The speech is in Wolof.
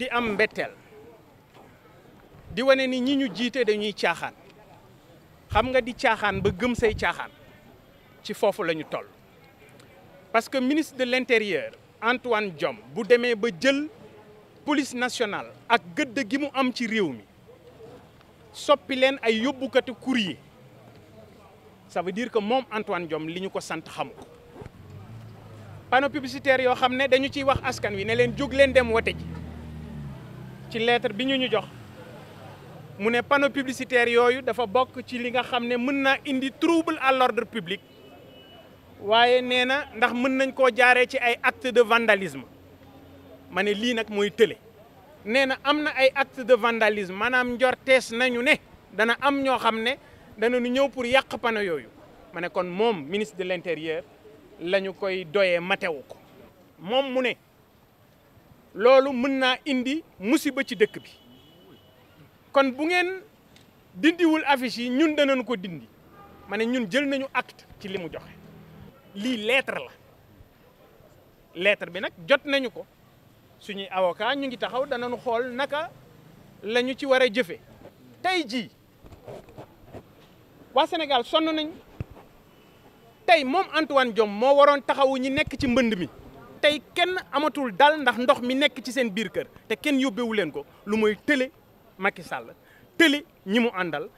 di am mbetteel di wone ni ñi ñu dañuy tiaxan xam nga di tiaxan ba gëm say tiaxan ci fofu lañu toll parce que ministre de l'intérieur Antoine Jam, bu démé ba jël police nationale ak gëdd gi mu am ci réew mi soppi leen ay yóbbukati courrier ça veut dire que mom Antoine Diom liñu ko sant xam ko panneau publicitaire yo xamné ne dañu ci wax askan wi né jog dem ci lettre bi ñu ñu jox mu ne panneau publicitaire yooyu dafa bokk ci li nga xam mën indi trouble à l'ordre public waaye nena, na ndax mën nañ koo ci ay acte de vandalisme ma ne nak nag mooy tële amna ay acte de vandalisme maanaam njortees nañu ne dana am ñoo xam dana ñu ñëw pour yàq panneau yooyu ma kon mom ministre de l'intérieur la koy doyee matewu ko mom mu ne lolu mën indi musiba ci dëkk bi kon bu ngeen wul affiche yi ñun nañ ko dindi mané ñun jël nañu acte ci li joxe li lettre la lettre bi nak jot nañu ko suñu avocat ñu ngi taxaw nañu xol naka lenyuci ci wara jëfé tay nenyi. wa mom Sénégal sonn nañ tay mom Antoine diom mo waron taxawu ñi nekk ci mbënd mi tey kenn amatul dal ndax ndox mi nekk ci seen biir kër te kenn yóbbewu leen ko lu mooy tële Macky sàll tële ñi mu àndal